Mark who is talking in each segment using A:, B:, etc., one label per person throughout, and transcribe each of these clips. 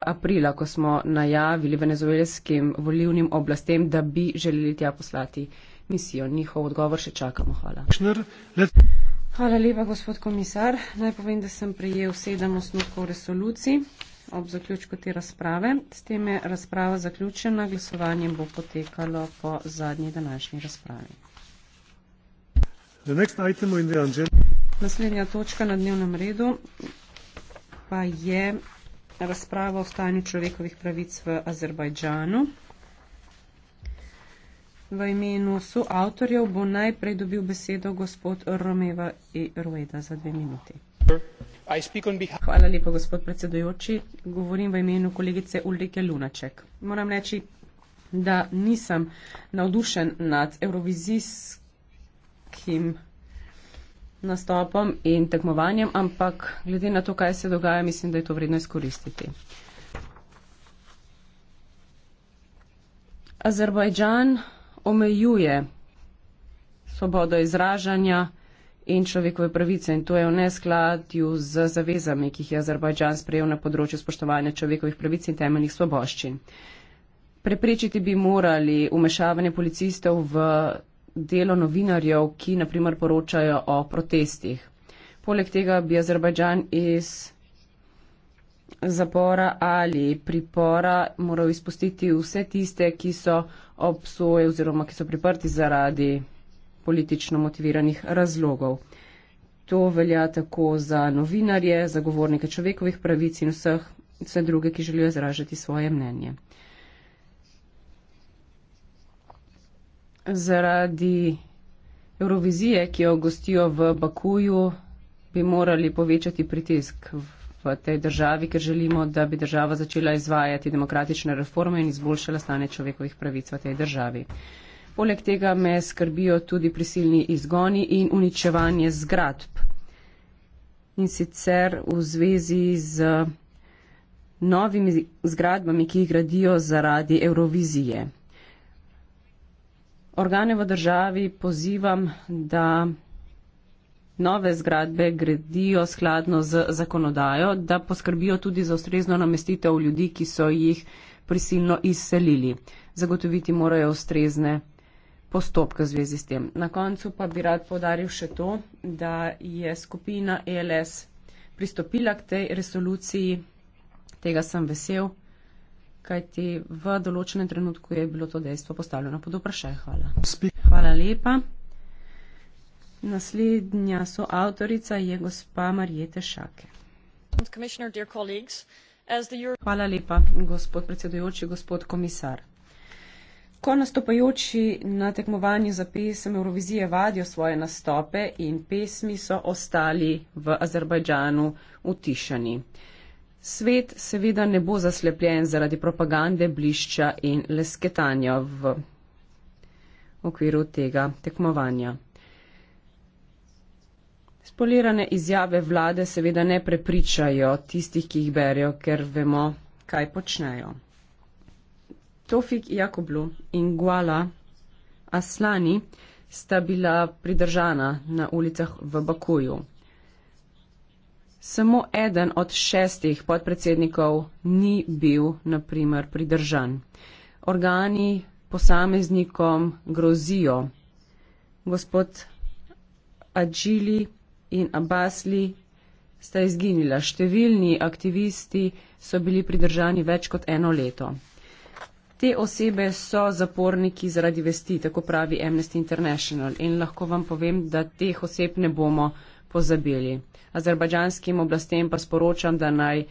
A: aprila, ko smo najavili venezuelskim volivnim oblastem, da bi želeli tja poslati misijo. Njihov odgovor še čakamo. Hvala. Hvala lepa, gospod komisar. Naj povem, da sem prejel sedem osnutkov resolucij ob zaključku te razprave. S tem je razprava zaključena, glasovanje bo potekalo po zadnji današnji razpravi. Naslednja točka na dnevnem redu pa je razprava o stanju človekovih pravic v Azerbajdžanu. V imenu soavtorjev bo najprej dobil besedo gospod Romeva i e. Rueda za dve minuti. Hvala lepa, gospod predsedujoči. Govorim v imenu kolegice Ulrike Lunaček. Moram reči, da nisem navdušen nad evrovizijskim nastopom in tekmovanjem, ampak glede na to, kaj se dogaja, mislim, da je to vredno izkoristiti. Azerbajdžan omejuje svobodo izražanja in človekove pravice in to je v neskladju z zavezami, ki jih je Azerbajdžan sprejel na področju spoštovanja človekovih pravic in temeljnih svoboščin. Preprečiti bi morali umešavanje policistov v delo novinarjev, ki naprimer poročajo o protestih. Poleg tega bi Azerbajdžan iz zapora ali pripora moral izpustiti vse tiste, ki so obsoje oziroma ki so priprti zaradi politično motiviranih razlogov. To velja tako za novinarje, zagovornike človekovih pravic in vseh, vse druge, ki želijo izražati svoje mnenje. zaradi Eurovizije, ki jo gostijo v Bakuju, bi morali povečati pritisk v tej državi, ker želimo, da bi država začela izvajati demokratične reforme in izboljšala stanje človekovih pravic v tej državi. Poleg tega me skrbijo tudi prisilni izgoni in uničevanje zgradb. In sicer v zvezi z novimi zgradbami, ki jih gradijo zaradi Eurovizije organe v državi pozivam, da nove zgradbe gradijo skladno z zakonodajo, da poskrbijo tudi za ustrezno namestitev ljudi, ki so jih prisilno izselili. Zagotoviti morajo ustrezne postopke v zvezi s tem. Na koncu pa bi rad podaril še to, da je skupina ELS pristopila k tej resoluciji. Tega sem vesel kajti v določenem trenutku je bilo to dejstvo postavljeno pod vprašaj. Hvala. Hvala lepa. Naslednja soavtorica je gospa Marijete Šake. Hvala lepa, gospod predsedujoči, gospod komisar. Ko nastopajoči na tekmovanju za pesem Eurovizije vadijo svoje nastope in pesmi, so ostali v Azerbajdžanu utišani. Svet seveda ne bo zaslepljen zaradi propagande, blišča in lesketanja v okviru tega tekmovanja. Spolirane izjave vlade seveda ne prepričajo tistih, ki jih berijo, ker vemo, kaj počnejo. Tofik Jakoblu in Guala Aslani sta bila pridržana na ulicah v Bakuju samo eden od šestih podpredsednikov ni bil, na primer, pridržan. Organi posameznikom grozijo. Gospod Adžili in Abasli sta izginila. Številni aktivisti so bili pridržani več kot eno leto. Te osebe so zaporniki zaradi vesti, tako pravi Amnesty International. In lahko vam povem, da teh oseb ne bomo pozabili. Azerbajdžanskim oblastem pa sporočam, da naj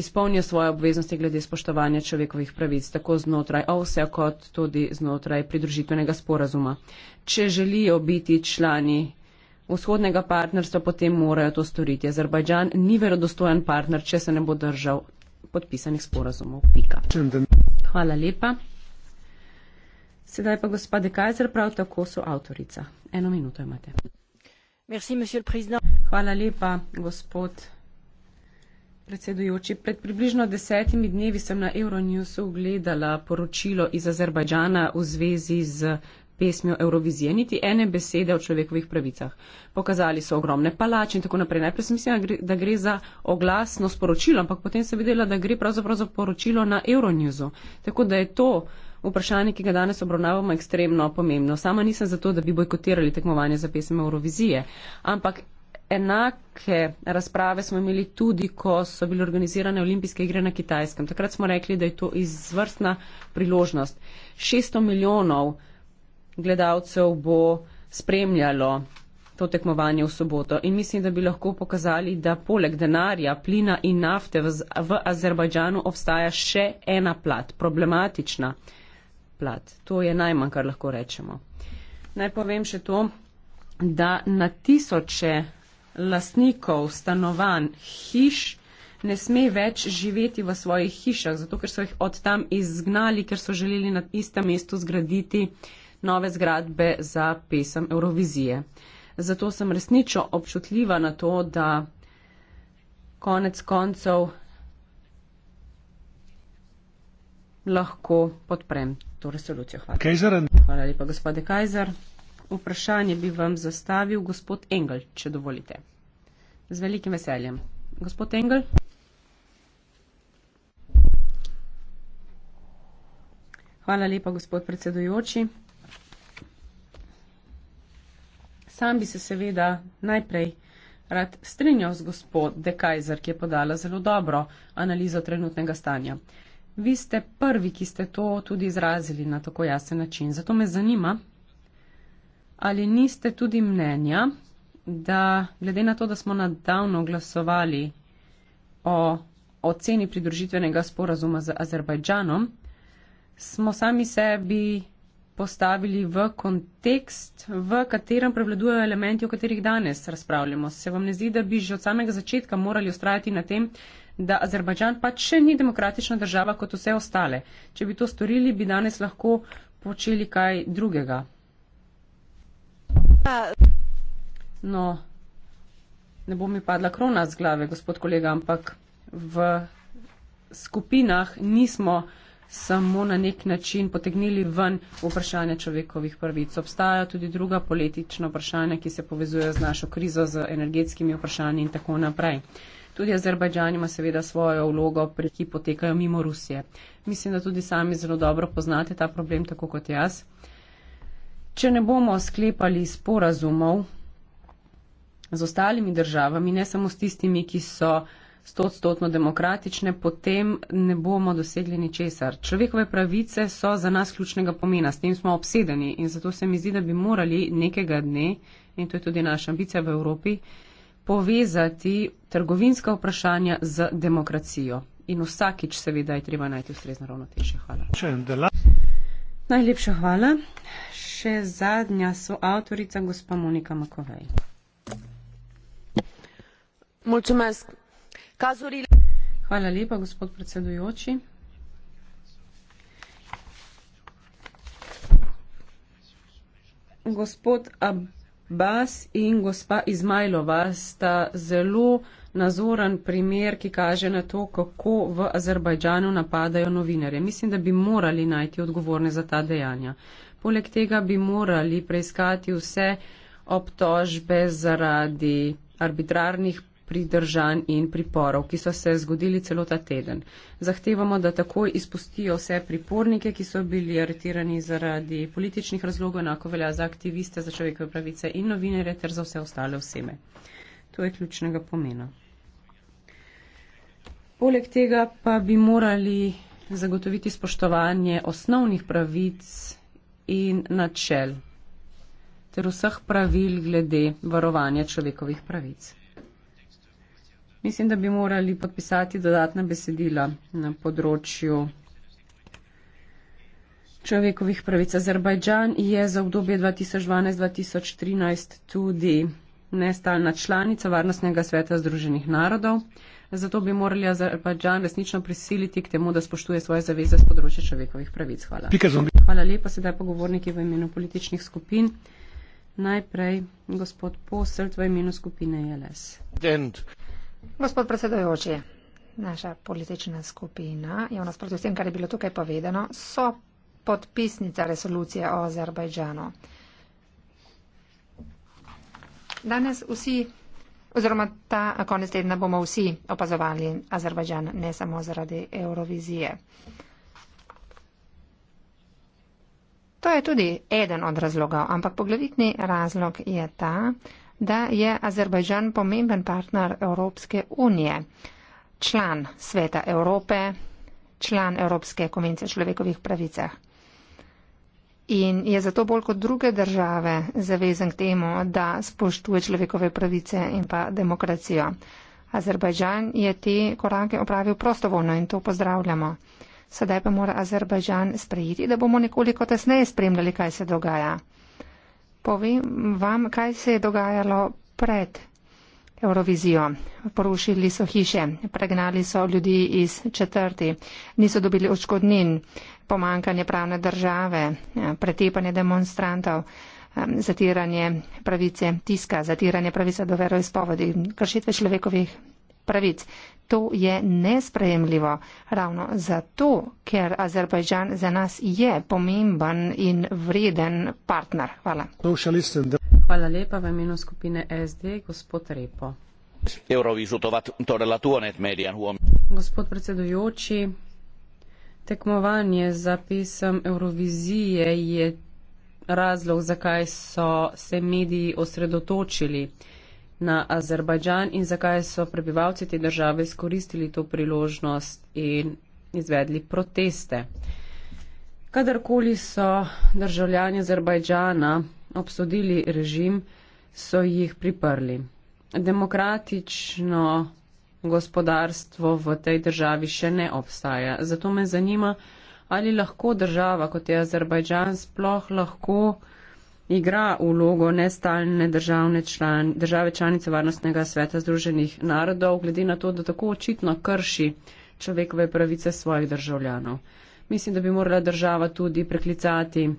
A: izpolnijo svoje obveznosti glede spoštovanja človekovih pravic, tako znotraj OVSE, kot tudi znotraj pridružitvenega sporazuma. Če želijo biti člani vzhodnega partnerstva, potem morajo to storiti. Azerbajdžan ni verodostojen partner, če se ne bo držal podpisanih sporazumov. Pika. Hvala lepa. Sedaj pa gospod De Kajzer, prav tako so avtorica. Eno minuto imate. Hvala lepa, gospod predsedujoči. Pred približno desetimi dnevi sem na Euronewsu gledala poročilo iz Azerbajdžana v zvezi z pesmijo Eurovizije. Niti ene besede o človekovih pravicah. Pokazali so ogromne palače in tako naprej. Najprej sem mislila, da gre za oglasno sporočilo, ampak potem sem videla, da gre pravzaprav za poročilo na Euronewsu. Tako da je to vprašanje, ki ga danes obravnavamo, ekstremno pomembno. Sama nisem zato, da bi bojkotirali tekmovanje za pesem Eurovizije, ampak enake razprave smo imeli tudi, ko so bile organizirane olimpijske igre na kitajskem. Takrat smo rekli, da je to izvrstna priložnost. 600 milijonov gledalcev bo spremljalo to tekmovanje v soboto in mislim, da bi lahko pokazali, da poleg denarja, plina in nafte v, v Azerbajdžanu obstaja še ena plat, problematična plat. To je najmanj, kar lahko rečemo. Naj povem še to, da na tisoče lastnikov stanovanj, hiš, ne sme več živeti v svojih hišah, zato ker so jih od tam izgnali, ker so želeli na istem mestu zgraditi nove zgradbe za pesem Eurovizije. Zato sem resnično občutljiva na to, da konec koncev lahko podprem to resolucijo. Hvala. Kajzer. Hvala lepa, gospode Kajzer. Vprašanje bi vam zastavil gospod Engel, če dovolite. Z velikim veseljem. Gospod Engel. Hvala lepa, gospod predsedujoči. Sam bi se seveda najprej rad strinjal z gospod Dekajzer, ki je podala zelo dobro analizo trenutnega stanja. Vi ste prvi, ki ste to tudi izrazili na tako jasen način. Zato me zanima, ali niste tudi mnenja, da glede na to, da smo nadavno glasovali o oceni pridružitvenega sporazuma z Azerbajdžanom, smo sami sebi postavili v kontekst, v katerem prevladujejo elementi, o katerih danes razpravljamo. Se vam ne zdi, da bi že od samega začetka morali ustrajati na tem, da Azerbajdžan pač še ni demokratična država kot vse ostale. Če bi to storili, bi danes lahko počeli kaj drugega. No, ne bo mi padla krona z glave, gospod kolega, ampak v skupinah nismo samo na nek način potegnili ven vprašanja človekovih prvic. Obstajajo tudi druga politična vprašanja, ki se povezujejo z našo krizo, z energetskimi vprašanji in tako naprej. Tudi Azerbajdžan ima seveda svojo vlogo, ki potekajo mimo Rusije. Mislim, da tudi sami zelo dobro poznate ta problem, tako kot jaz. Če ne bomo sklepali sporazumov z ostalimi državami, ne samo s tistimi, ki so stotstotno demokratične, potem ne bomo dosegli ničesar. Človekove pravice so za nas ključnega pomena, s tem smo obsedeni in zato se mi zdi, da bi morali nekega dne, in to je tudi naša ambicija v Evropi, povezati trgovinska vprašanja z demokracijo. In vsakič seveda je treba najti ustrezno ravnotežje. Hvala. Najlepša hvala. Še zadnja so avtorica gospa Monika Makovej. Hvala lepa, gospod predsedujoči. Gospod Ab Bas in gospa Izmajlova sta zelo nazoren primer, ki kaže na to, kako v Azerbajdžanu napadajo novinarje. Mislim, da bi morali najti odgovorne za ta dejanja. Poleg tega bi morali preiskati vse obtožbe zaradi arbitrarnih pridržanj in priporov, ki so se zgodili celo ta teden. Zahtevamo, da takoj izpustijo vse pripornike, ki so bili aretirani zaradi političnih razlogov, enako velja za aktiviste, za človekove pravice in novinere ter za vse ostale osebe. To je ključnega pomena. Poleg tega pa bi morali zagotoviti spoštovanje osnovnih pravic in načel ter vseh pravil glede varovanja človekovih pravic. Mislim, da bi morali podpisati dodatna besedila na področju človekovih pravic. Azerbajdžan je za obdobje 2012-2013 tudi nestalna članica Varnostnega sveta Združenih narodov. Zato bi morali Azerbajdžan resnično prisiliti k temu, da spoštuje svoje zaveze z področja človekovih pravic. Hvala. Hvala lepa, sedaj pogovorniki v imenu političnih skupin. Najprej gospod Posel, v imenu skupine e LS.
B: Dent.
C: Gospod predsedujoči, naša politična skupina je v nasprotju s tem, kar je bilo tukaj povedano, so podpisnica resolucije o Azerbajdžanu. Danes vsi, oziroma ta konec tedna bomo vsi opazovali Azerbajdžan, ne samo zaradi Eurovizije. To je tudi eden od razlogov, ampak poglavitni razlog je ta, da je Azerbajdžan pomemben partner Evropske unije, član Sveta Evrope, član Evropske konvencije o človekovih pravicah. In je zato bolj kot druge države zavezan k temu, da spoštuje človekove pravice in pa demokracijo. Azerbajdžan je te korake opravil prostovoljno in to pozdravljamo. Sedaj pa mora Azerbajdžan sprejeti, da bomo nekoliko tesneje spremljali, kaj se dogaja. Povem vam, kaj se je dogajalo pred Eurovizijo. Porušili so hiše, pregnali so ljudi iz četrti, niso dobili očkodnin, pomankanje pravne države, pretepanje demonstrantov, zatiranje pravice tiska, zatiranje pravice do veroizpovedi, kršitve človekovih pravic to je nesprejemljivo. Ravno zato, ker Azerbajdžan za nas je pomemben in vreden partner.
A: Hvala. Hvala lepa v imenu skupine SD, gospod Repo. Gospod predsedujoči, tekmovanje za pisem Eurovizije je razlog, zakaj so se mediji osredotočili na Azerbajdžan in zakaj so prebivalci te države izkoristili to priložnost in izvedli proteste. Kadarkoli so državljani Azerbajdžana obsodili režim, so jih priprli. Demokratično gospodarstvo v tej državi še ne obstaja. Zato me zanima, ali lahko država kot je Azerbajdžan sploh lahko uh, igra vlogo nestalne član, države članice Varnostnega sveta Združenih narodov, glede na to, da tako očitno krši človekove pravice svojih državljanov. Mislim, da bi morala država tudi preklicati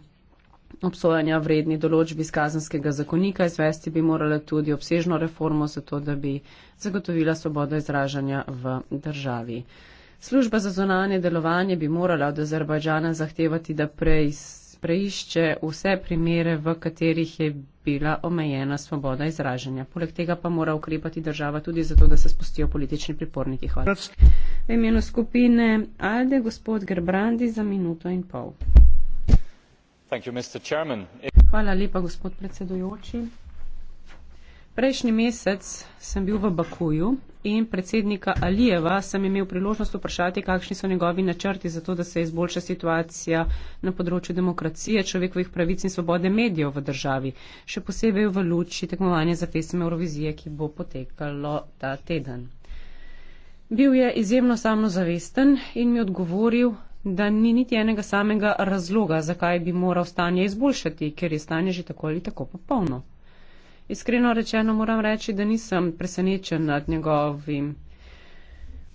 A: obsojanja vredni določbi iz kazanskega zakonika, izvesti bi morala tudi obsežno reformo, zato da bi zagotovila svobodo izražanja v državi. Služba za zonanje delovanje bi morala od Azerbajdžana zahtevati, da prej preišče vse primere, v katerih je bila omejena svoboda izražanja. Poleg tega pa mora ukrepati država tudi zato, da se spustijo politični priporniki. Hvala. V imenu skupine Alde, gospod Gerbrandi, za minuto in pol.
B: You,
A: Hvala lepa, gospod predsedujoči. Prejšnji mesec sem bil v Bakuju in predsednika Alijeva sem imel priložnost vprašati, kakšni so njegovi načrti za to, da se izboljša situacija na področju demokracije, človekovih pravic in svobode medijev v državi, še posebej v luči tekmovanja za pesem Eurovizije, ki bo potekalo ta teden. Bil je izjemno samozavesten in mi odgovoril, da ni niti enega samega razloga, zakaj bi moral stanje izboljšati, ker je stanje že tako ali tako popolno. Iskreno rečeno moram reči, da nisem presenečen nad njegovim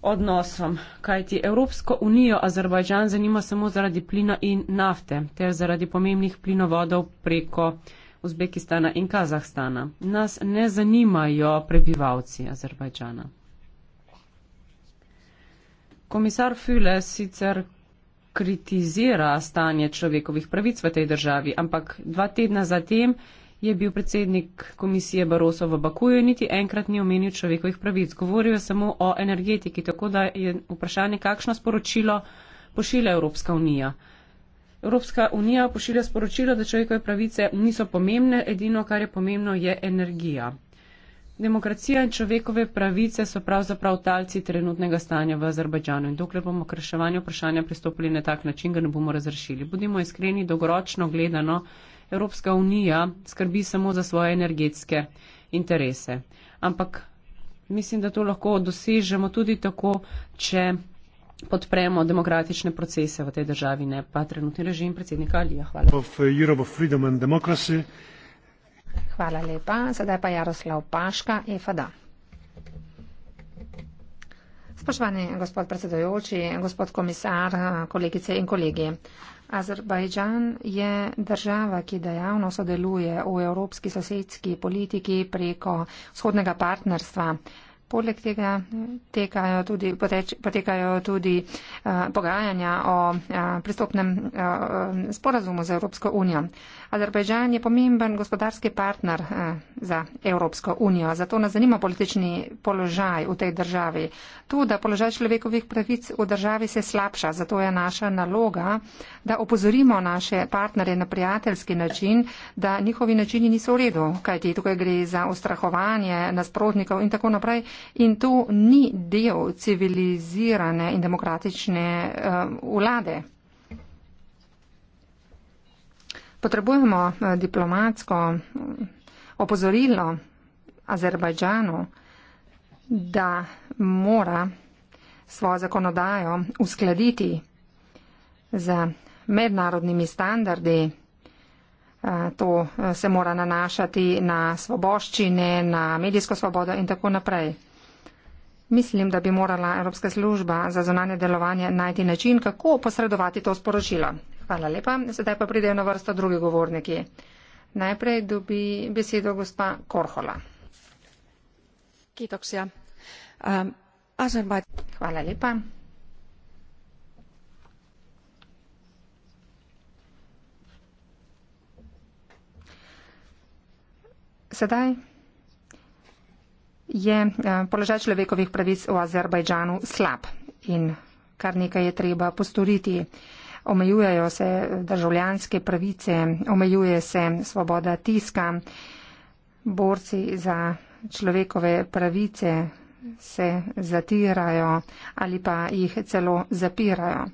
A: odnosom, kajti Evropsko unijo Azerbajdžan zanima samo zaradi plina in nafte ter zaradi pomembnih plinovodov preko Uzbekistana in Kazahstana. Nas ne zanimajo prebivalci Azerbajdžana. Komisar Füle sicer kritizira stanje človekovih pravic v tej državi, ampak dva tedna zatem je bil predsednik komisije Baroso v Bakuju, niti enkrat ni omenil človekovih pravic. Govoril je samo o energetiki, tako da je vprašanje, kakšno sporočilo pošilja Evropska unija. Evropska unija pošilja sporočilo, da človekove pravice niso pomembne, edino, kar je pomembno, je energija. Demokracija in človekove pravice so pravzaprav talci trenutnega stanja v Azerbajdžanu in dokler bomo k reševanju vprašanja pristopili na tak način, ga ne bomo razrešili. Budimo iskreni, dolgoročno gledano. Evropska unija skrbi samo za svoje energetske interese. Ampak mislim, da to lahko dosežemo tudi tako, če podpremo demokratične procese v tej državi, ne pa trenutni režim predsednika Alija. Hvala. Uh, Hvala lepa. Sedaj pa Jaroslav Paška, EFAD.
C: Spoštovani gospod predsedojoči, gospod komisar, kolegice in kolegi. Azerbajdžan je država, ki dejavno sodeluje v evropski sosedski politiki preko vzhodnega partnerstva. Poleg tega tekajo tudi, poteč, potekajo tudi uh, pogajanja o uh, pristopnem uh, sporazumu z Evropsko unijo. Azerbajžan je pomemben gospodarski partner uh, za Evropsko unijo, zato nas zanima politični položaj v tej državi. Tu, da položaj človekovih pravic v državi se slabša, zato je naša naloga, da opozorimo naše partnere na prijateljski način, da njihovi načini niso v redu, kajti tukaj gre za ustrahovanje nasprotnikov in tako naprej in to ni del civilizirane in demokratične eh, vlade. Potrebujemo eh, diplomatsko mm, opozorilo Azerbajdžanu, da mora svojo zakonodajo uskladiti z mednarodnimi standardi. Eh, to se mora nanašati na svoboščine, na medijsko svobodo in tako naprej. Mislim, da bi morala Evropska služba za zonanje delovanje najti način, kako posredovati to sporočilo. Hvala lepa. Sedaj pa pridejo na vrsto drugi govorniki. Najprej dobi besedo gospa Korhola. Kitoksja. Um, ähm, Azerbaj... Hvala lepa. Sedaj je eh, položaj človekovih pravic v Azerbajdžanu slab in kar nekaj je treba postoriti. Omejujejo se državljanske pravice, omejuje se svoboda tiska, borci za človekove pravice se zatirajo ali pa jih celo zapirajo.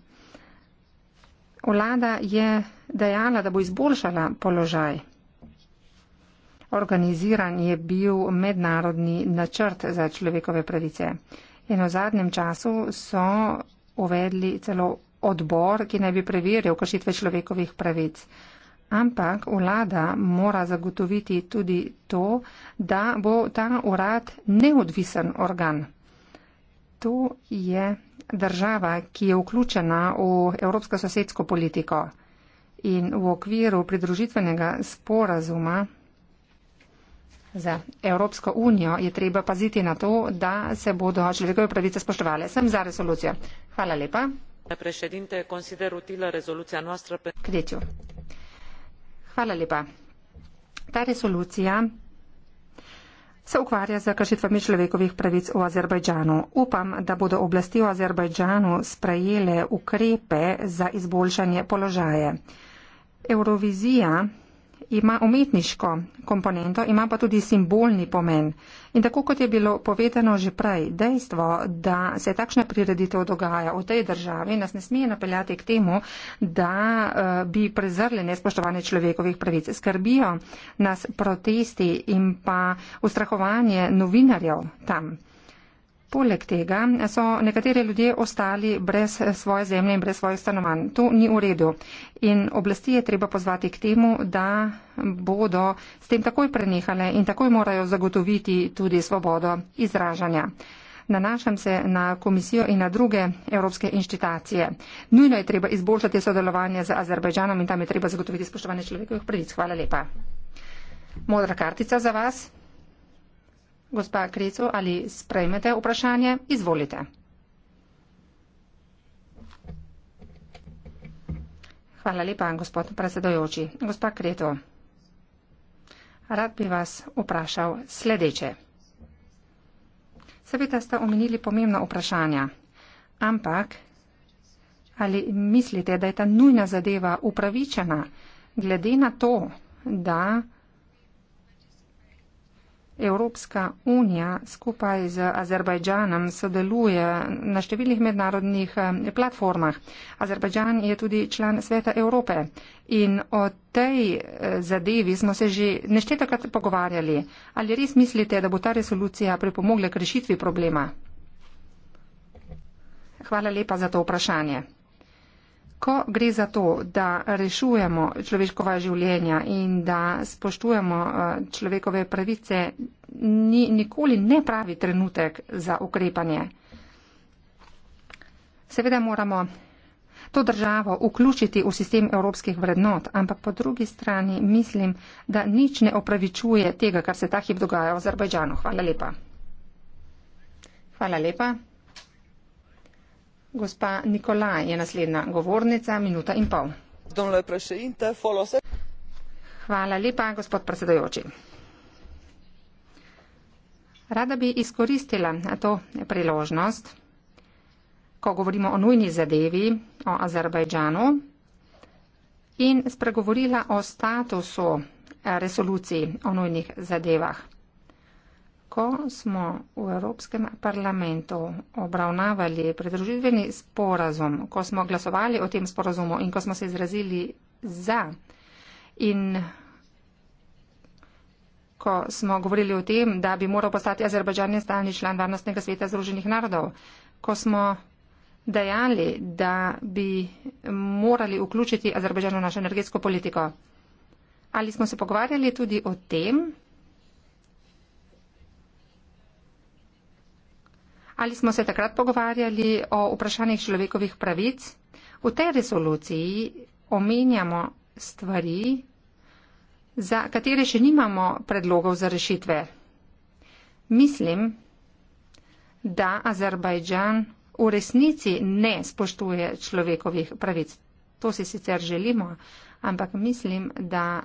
C: Vlada je dejala, da bo izboljšala položaj Organiziran je bil mednarodni načrt za človekove pravice. In v zadnjem času so uvedli celo odbor, ki naj bi preverjal kršitve človekovih pravic. Ampak vlada mora zagotoviti tudi to, da bo ta urad neodvisen organ. To je država, ki je vključena v evropsko sosedsko politiko in v okviru pridružitvenega sporazuma Za Evropsko unijo je treba paziti na to, da se bodo človekove pravice spoštovale. Sem za resolucijo. Hvala lepa. Kreču. Hvala lepa. Ta resolucija se ukvarja z kršitvami človekovih pravic v Azerbajdžanu. Upam, da bodo oblasti v Azerbajdžanu sprejele ukrepe za izboljšanje položaje. Eurovizija ima umetniško komponento, ima pa tudi simbolni pomen. In tako kot je bilo povedano že prej, dejstvo, da se takšna prireditev dogaja v tej državi, nas ne smije napeljati k temu, da eh, bi prezrli nespoštovanje človekovih pravic. Skrbijo nas protesti in pa ustrahovanje novinarjev tam. Poleg tega so nekateri ljudje ostali brez svoje zemlje in brez svojih stanovanj. To ni v redu. In oblasti je treba pozvati k temu, da bodo s tem takoj prenehale in takoj morajo zagotoviti tudi svobodo izražanja. Nanašam se na komisijo in na druge evropske inštitacije. Nujno je treba izboljšati sodelovanje z Azerbajdžanom in tam je treba zagotoviti spoštovanje človekovih pravic. Hvala lepa. Modra kartica za vas. Gospa Krico, ali sprejmete vprašanje? Izvolite. Hvala lepa, gospod predsedojoči. Gospa Krito, rad bi vas vprašal sledeče. Seveda ste omenili pomembna vprašanja, ampak ali mislite, da je ta nujna zadeva upravičena glede na to, da Evropska unija skupaj z Azerbajdžanom sodeluje na številnih mednarodnih eh, platformah. Azerbajdžan je tudi član Sveta Evrope in o tej eh, zadevi smo se že neštetokrat pogovarjali. Ali res mislite, da bo ta resolucija pripomogla k rešitvi problema? Hvala lepa za to vprašanje ko gre za to, da rešujemo človeškova življenja in da spoštujemo eh, človekove pravice, ni nikoli ne pravi trenutek za ukrepanje. Seveda moramo to državo vključiti v sistem evropskih vrednot, ampak po drugi strani mislim, da nič ne opravičuje tega, kar se ta hip dogaja v Azerbajdžanu. Hvala lepa. Hvala lepa. Gospa Nikola je naslednja govornica, minuta in pol. Hvala lepa, gospod predsedojoči. Rada bi izkoristila to priložnost, ko govorimo o nujni zadevi, o Azerbajdžanu in spregovorila o statusu resoluciji o nujnih zadevah ko smo v Evropskem parlamentu obravnavali predružitveni sporazum, ko smo glasovali o tem sporazumu in ko smo se izrazili za in ko smo govorili o tem, da bi moral postati Azerbajdžan stalni član Varnostnega sveta Združenih narodov, ko smo dejali, da bi morali vključiti Azerbajdžan v našo energetsko politiko. Ali smo se pogovarjali tudi o tem, ali smo se takrat pogovarjali o vprašanjih človekovih pravic. V tej resoluciji omenjamo stvari, za katere še nimamo predlogov za rešitve. Mislim, da Azerbajdžan v resnici ne spoštuje človekovih pravic. To si sicer želimo, ampak mislim, da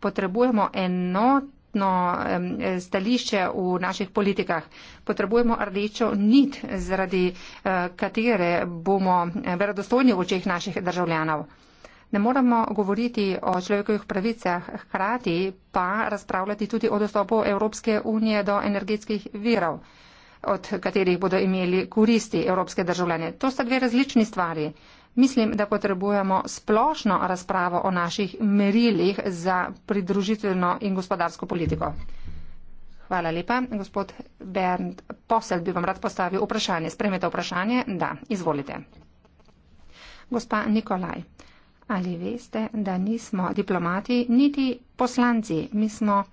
C: potrebujemo enot trenutno stališče v naših politikah. Potrebujemo rdečo nit, zaradi eh, katere bomo eh, verodostojni v očeh naših državljanov. Ne moramo govoriti o človekovih pravicah, hkrati pa razpravljati tudi o dostopu Evropske unije do energetskih virov, od katerih bodo imeli koristi evropske državljane. To sta dve različni stvari. Mislim, da potrebujemo splošno razpravo o naših merilih za pridružitveno in gospodarsko politiko. Hvala lepa. Gospod Bernd Posel bi vam rad postavil vprašanje. Spremete vprašanje? Da, izvolite. Gospa Nikolaj. Ali veste, da nismo diplomati, niti poslanci, mi smo,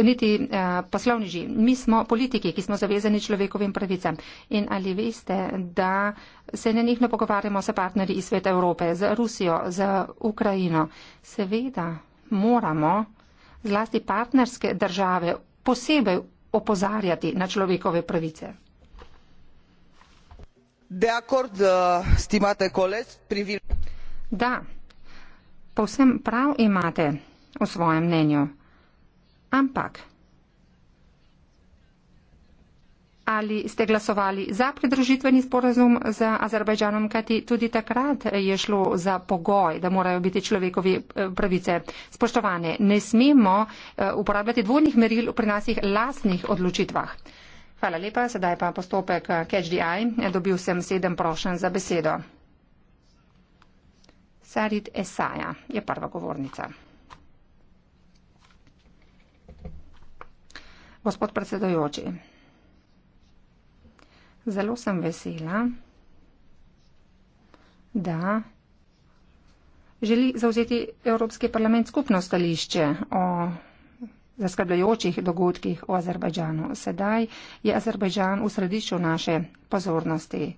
C: niti eh, poslovniži, mi smo politiki, ki smo zavezani človekovim pravicam. In ali veste, da se ne njihno pogovarjamo s partnerji iz sveta Evrope, z Rusijo, z Ukrajino. Seveda moramo zlasti partnerske države posebej opozarjati na človekove pravice.
B: De acord, uh, stimate koles, privil.
C: Da. Povsem prav imate v svojem mnenju. Ampak. Ali ste glasovali za pridružitveni sporazum z Azerbajdžanom, kajti tudi takrat je šlo za pogoj, da morajo biti človekovi eh, pravice spoštovane. Ne smemo eh, uporabljati dvojnih meril pri naših lastnih odločitvah. Hvala lepa, sedaj pa postopek eh, Catch the Eye. Dobil sem sedem prošen za besedo. Sarit Esaja je prva govornica. Gospod predsedojoči, zelo sem vesela, da želi zauzeti Evropski parlament skupno stališče o zaskrbljajočih dogodkih v Azerbajdžanu. Sedaj je Azerbajdžan v središču naše pozornosti.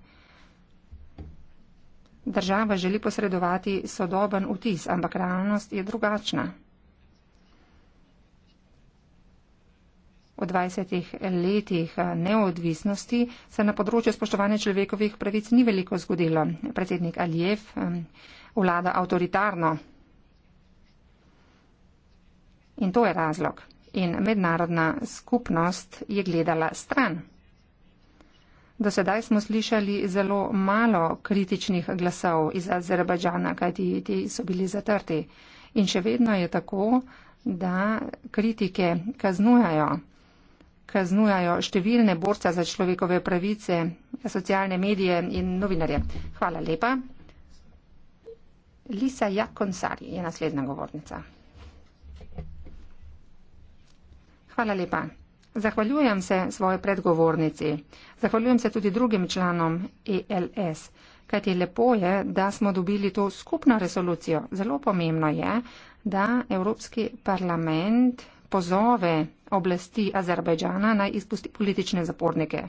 C: Država želi posredovati sodoben vtis, ampak realnost je drugačna. V 20 letih eh, neodvisnosti se na področju spoštovanja človekovih pravic ni veliko zgodilo. Predsednik Aljev vlada avtoritarno. In to je razlog. In mednarodna skupnost je gledala stran. Do sedaj smo slišali zelo malo kritičnih glasov iz Azerbajdžana, kajti ti so bili zatrti. In še vedno je tako, da kritike kaznujajo. Kaznujajo številne borce za človekove pravice, socialne medije in novinarje. Hvala lepa. Lisa Jakonsari je naslednja govornica. Hvala lepa. Zahvaljujem se svoji predgovornici, zahvaljujem se tudi drugim članom ELS, kajti lepo je, da smo dobili to skupno resolucijo. Zelo pomembno je, da Evropski parlament pozove oblasti Azerbajdžana naj izpusti politične zapornike.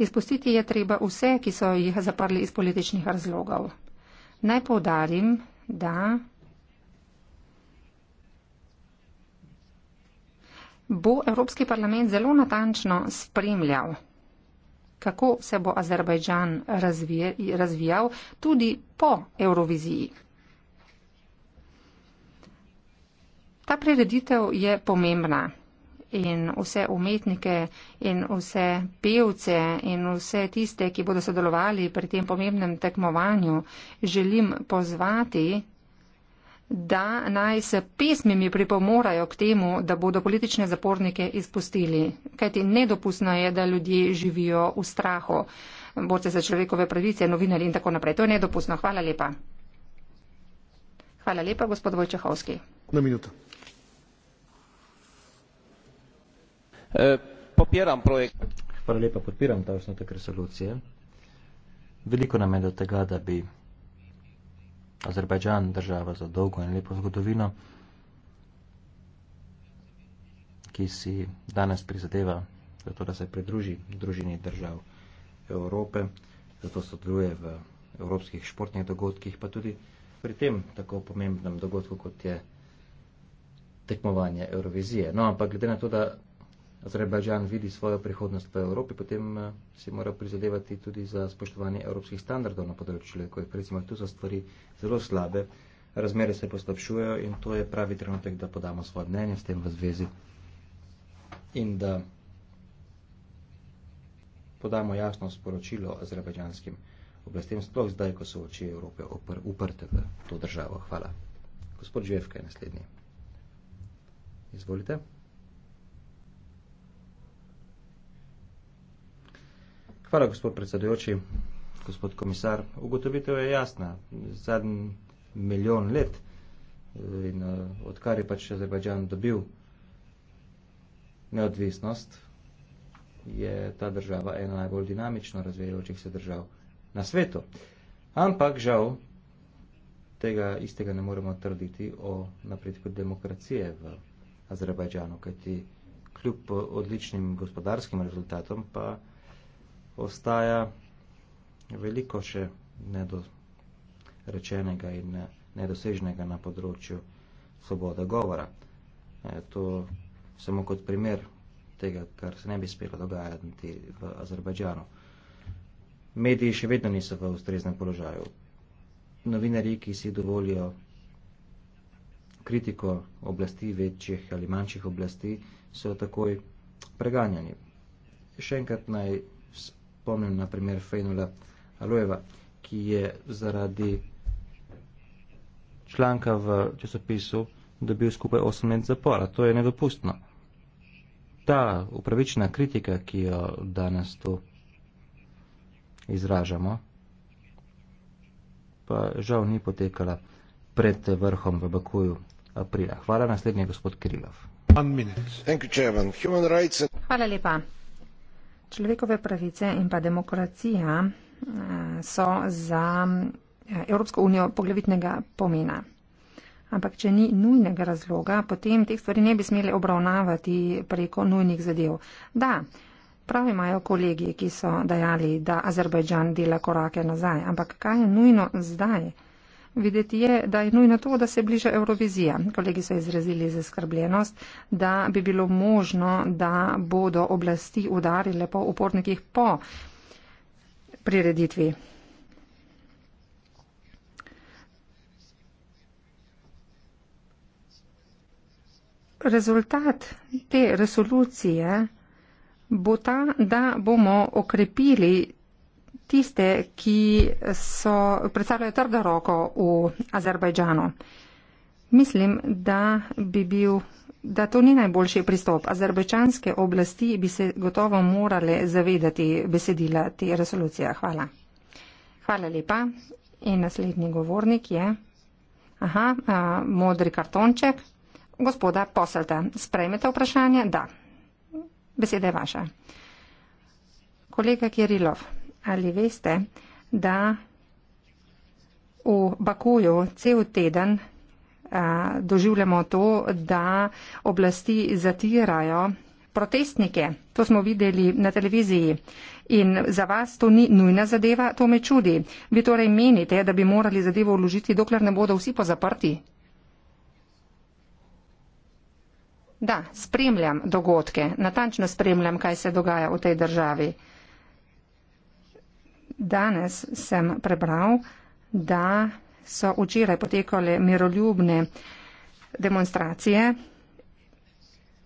C: Izpustiti je treba vse, ki so jih zaprli iz političnih razlogov. Naj poudarim, da bo Evropski parlament zelo natančno spremljal, kako se bo Azerbajdžan razvijal tudi po Euroviziji. Ta prireditev je pomembna in vse umetnike in vse pevce in vse tiste, ki bodo sodelovali pri tem pomembnem tekmovanju, želim pozvati da naj se pesmimi pripomorajo k temu, da bodo politične zapornike izpustili. Kajti nedopustno je, da ljudje živijo v strahu. Borce za človekove pravice, novinari in tako naprej. To je nedopustno. Hvala lepa. Hvala lepa, gospod Vojčehovski.
B: Na minuto. E, popiram projekt. Hvala lepa, podpiram ta osnotek resolucije. Veliko nam je do tega, da bi Azerbajdžan, država za dolgo in lepo zgodovino, ki si danes prizadeva za to, da se pridruži družini držav Evrope, zato sodeluje v evropskih športnih dogodkih, pa tudi pri tem tako pomembnem dogodku, kot je tekmovanje Eurovizije. No, ampak glede na to, da Azerbajdžan vidi svojo prihodnost v Evropi, potem eh, si mora prizadevati tudi za spoštovanje evropskih standardov na področju človekovih pravic. Tu so stvari zelo slabe, razmere se poslabšujejo in to je pravi trenutek, da podamo svoje mnenje s tem v zvezi in da podamo jasno sporočilo azerbajdžanskim oblastem, sploh zdaj, ko so oči Evrope opr, uprte v to državo. Hvala. Gospod Žvevka je naslednji. Izvolite. Hvala, gospod predsedujoči, gospod komisar. Ugotovitev je jasna. Zadnji milijon let, eh, in, eh, odkar je pač Azerbajdžan dobil neodvisnost, je ta država ena najbolj dinamično razvijajočih se držav na svetu. Ampak žal tega istega ne moremo trditi o napredku demokracije v Azerbajdžanu, kajti kljub eh, odličnim gospodarskim rezultatom pa ostaja veliko še nedorečenega in nedosežnega na področju svobode govora. E, to samo kot primer tega, kar se ne bi spelo dogajati v Azerbajdžanu. Mediji še vedno niso v ustreznem položaju. Novinari, ki si dovolijo kritiko oblasti večjih ali manjših oblasti, so takoj preganjani. Še enkrat naj spomnim na primer Fejnula Alueva, ki je zaradi članka v časopisu dobil skupaj 8 let zapora. To je nedopustno. Ta upravičena kritika, ki jo danes tu izražamo, pa žal ni potekala pred vrhom v Bakuju aprila. Hvala naslednji gospod Krilov.
C: Hvala lepa človekove pravice in pa demokracija eh, so za eh, Evropsko unijo poglavitnega pomena. Ampak, če ni nujnega razloga, potem teh stvari ne bi smeli obravnavati preko nujnih zadev. Da, prav imajo kolegi, ki so dejali, da Azerbajdžan dela korake nazaj, ampak kaj je nujno zdaj? Videti je, da je nujno to, da se bliža Eurovizija. Kolegi so izrazili zaskrbljenost, da bi bilo možno, da bodo oblasti udarile po upornikih po prireditvi. Rezultat te resolucije bo ta, da bomo okrepili tiste, ki so predstavljali trdo roko v Azerbajdžanu. Mislim, da bi bil da to ni najboljši pristop. Azerbajčanske oblasti bi se gotovo morale zavedati besedila te resolucije. Hvala. Hvala lepa. In naslednji govornik je. Aha, a, modri kartonček. Gospoda Poselta, sprejmete vprašanje? Da. Beseda je vaša. Kolega Kirilov ali veste, da v Bakuju cel teden a, doživljamo to, da oblasti zatirajo protestnike. To smo videli na televiziji. In za vas to ni nujna zadeva, to me čudi. Vi torej menite, da bi morali zadevo vložiti, dokler ne bodo vsi pozaprti? Da, spremljam dogodke, natančno spremljam, kaj se dogaja v tej državi. Danes sem prebral, da so včeraj potekale miroljubne demonstracije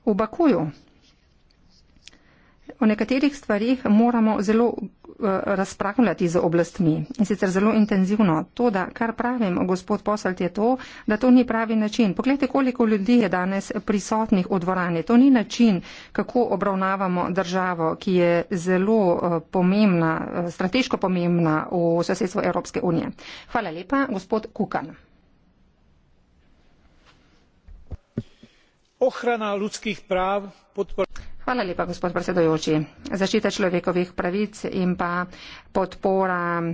C: v Bakuju. O nekaterih stvarih moramo zelo Eh, razpravljati z oblastmi in sicer zelo intenzivno. To, da kar pravim, gospod Poselt, je to, da to ni pravi način. Poglejte, koliko ljudi je danes prisotnih v dvorani. To ni način, kako obravnavamo državo, ki je zelo eh, pomembna, eh, strateško pomembna v sosedstvu Evropske unije. Hvala lepa, gospod Kukan.
B: Ochrana ljudskih prav podporja.
C: Hvala lepa, gospod predsedojoči. Zaščita človekovih pravic in pa podpora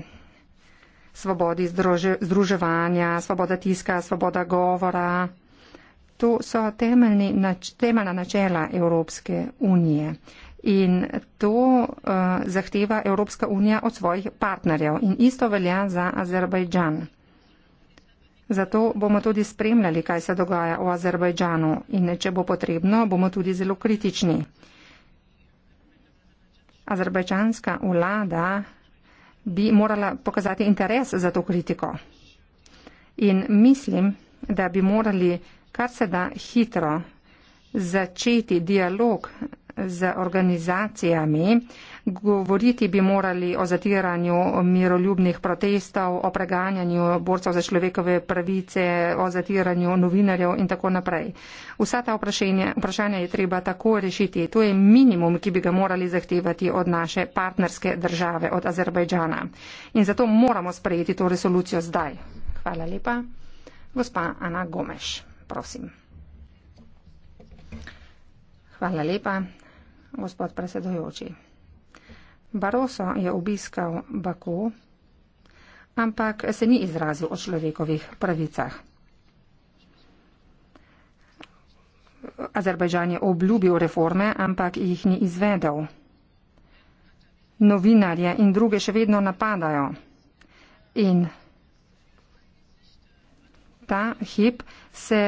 C: svobodi združevanja, svoboda tiska, svoboda govora. To so temeljni, nač, temeljna načela Evropske unije. In to uh, zahteva Evropska unija od svojih partnerjev. In isto velja za Azerbajdžan. Zato bomo tudi spremljali, kaj se dogaja v Azerbajdžanu in če bo potrebno, bomo tudi zelo kritični. Azerbajdžanska vlada bi morala pokazati interes za to kritiko. In mislim, da bi morali kar se da hitro začeti dialog z organizacijami. Govoriti bi morali o zatiranju miroljubnih protestov, o preganjanju borcev za človekove pravice, o zatiranju novinarjev in tako naprej. Vsa ta vprašanja, vprašanja je treba tako rešiti. To je minimum, ki bi ga morali zahtevati od naše partnerske države, od Azerbajdžana. In zato moramo sprejeti to resolucijo zdaj. Hvala lepa. Gospa Ana Gomeš, prosim. Hvala lepa gospod predsedujoči. Baroso je obiskal Baku, ampak se ni izrazil o človekovih pravicah. Azerbajdžan je obljubil reforme, ampak jih ni izvedel. Novinarje in druge še vedno napadajo. In ta hip se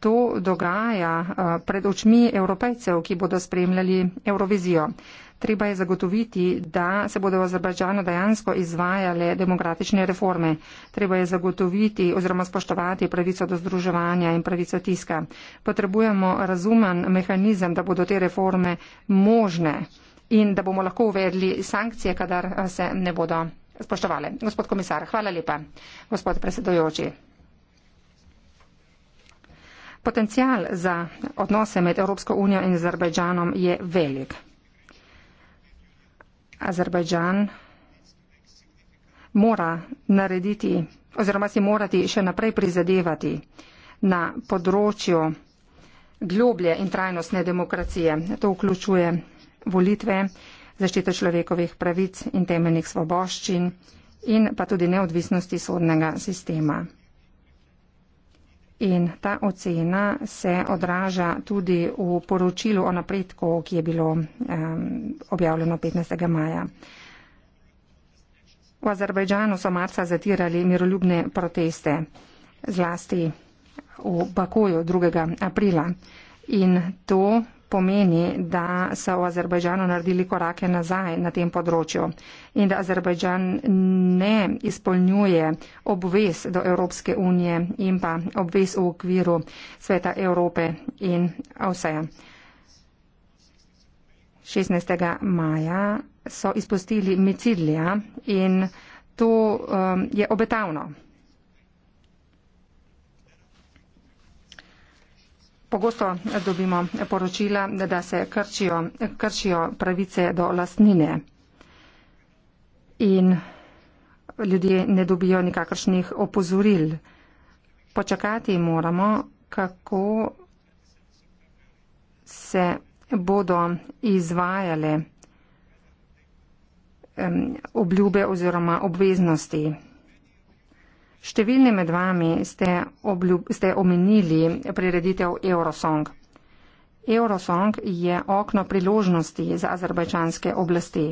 C: to dogaja eh, pred očmi evropejcev, ki bodo spremljali Eurovizijo. Treba je zagotoviti, da se bodo v Azerbajdžanu dejansko izvajale demokratične reforme. Treba je zagotoviti oziroma spoštovati pravico do združevanja in pravico tiska. Potrebujemo razumen mehanizem, da bodo te reforme možne in da bomo lahko uvedli sankcije, kadar eh, se ne bodo spoštovale. Gospod komisar, hvala lepa. Gospod predsedojoči. Potencijal za odnose med Evropsko unijo in Azerbajdžanom je velik. Azerbajdžan mora narediti oziroma si morati še naprej prizadevati na področju globlje in trajnostne demokracije. To vključuje volitve, zaščito človekovih pravic in temeljnih svoboščin in pa tudi neodvisnosti sodnega sistema. In ta ocena se odraža tudi v poročilu o napredku, ki je bilo um, objavljeno 15. maja. V Azerbajdžanu so marca zatirali miroljubne proteste, zlasti v Bakoju 2. aprila. In to pomeni, da so v Azerbajdžanu naredili korake nazaj na tem področju in da Azerbajdžan ne izpolnjuje obvez do Evropske unije in pa obvez v okviru sveta Evrope in vseja. 16. maja so izpustili Micidlija in to um, je obetavno. Pogosto dobimo poročila, da se krčijo, krčijo pravice do lastnine in ljudje ne dobijo nikakršnih opozoril. Počakati moramo, kako se bodo izvajale obljube oziroma obveznosti. Številni med vami ste, obljub, ste omenili prireditev Eurosong. Eurosong je okno priložnosti za azerbajčanske oblasti.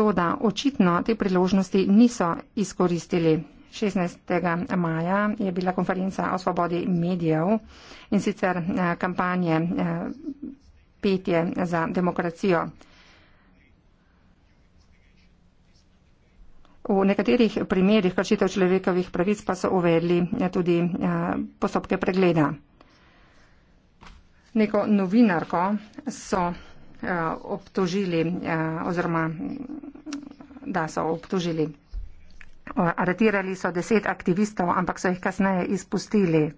C: Toda očitno te priložnosti niso izkoristili. 16. maja je bila konferenca o svobodi medijev in sicer eh, kampanje eh, Petje za demokracijo. V nekaterih primerjih kršitev človekovih pravic pa so uvedli eh, tudi eh, postopke pregleda. Neko novinarko so eh, obtožili oziroma da so obtožili. Aretirali so deset aktivistov, ampak so jih kasneje izpustili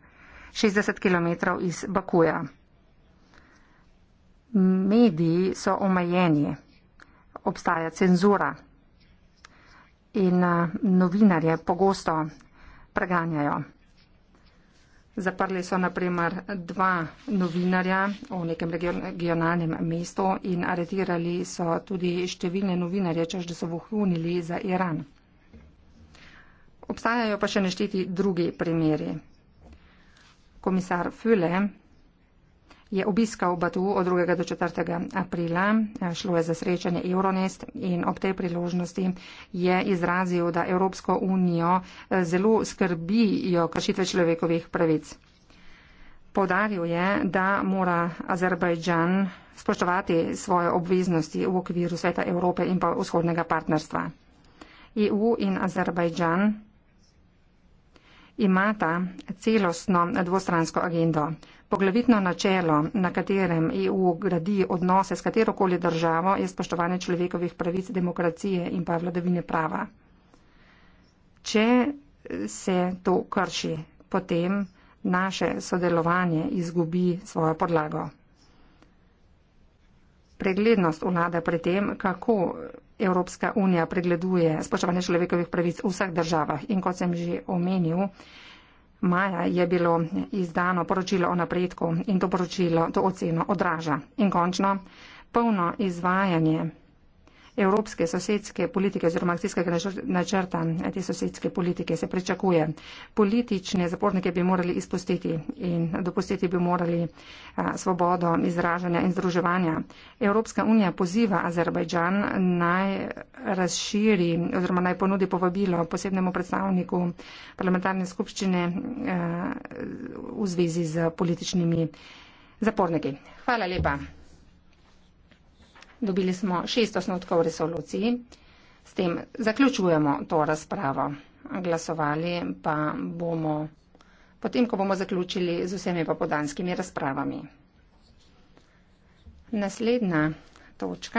C: 60 km iz Bakuja. Mediji so omejeni, obstaja cenzura in eh, novinarje pogosto preganjajo. Zaprli so naprimer dva novinarja v nekem regionalnem mestu in aretirali so tudi številne novinarje, čež da so vohunili za Iran. Obstajajo pa še nešteti drugi primeri. Komisar Füle je obiskal Batu od 2. do 4. aprila, šlo je za srečanje Euronest in ob tej priložnosti je izrazil, da Evropsko unijo eh, zelo skrbijo kršitve človekovih pravic. Podaril je, da mora Azerbajdžan spoštovati svoje obveznosti v okviru sveta Evrope in pa vzhodnega partnerstva. EU in Azerbajdžan imata celostno dvostransko agendo. Poglavitno načelo, na katerem EU gradi odnose s katerokoli državo, je spoštovanje človekovih pravic, demokracije in pa vladavine prava. Če se to krši, potem naše sodelovanje izgubi svojo podlago. Preglednost vlade pri tem, kako Evropska unija pregleduje spoštovanje človekovih pravic v vseh državah in kot sem že omenil, maja je bilo izdano poročilo o napredku in to poročilo to oceno odraža. In končno, polno izvajanje evropske sosedske politike oziroma akcijskega načrta eh, te sosedske politike se pričakuje. Politične zapornike bi morali izpustiti in dopustiti bi morali eh, svobodo izražanja in združevanja. Evropska unija poziva Azerbajdžan naj razširi oziroma naj ponudi povabilo posebnemu predstavniku parlamentarne skupščine eh, v zvezi z političnimi zaporniki. Hvala lepa. Dobili smo šest osnotkov resoluciji. S tem zaključujemo to razpravo. Glasovali pa bomo potem, ko bomo zaključili z vsemi popodanskimi razpravami. Naslednja točka.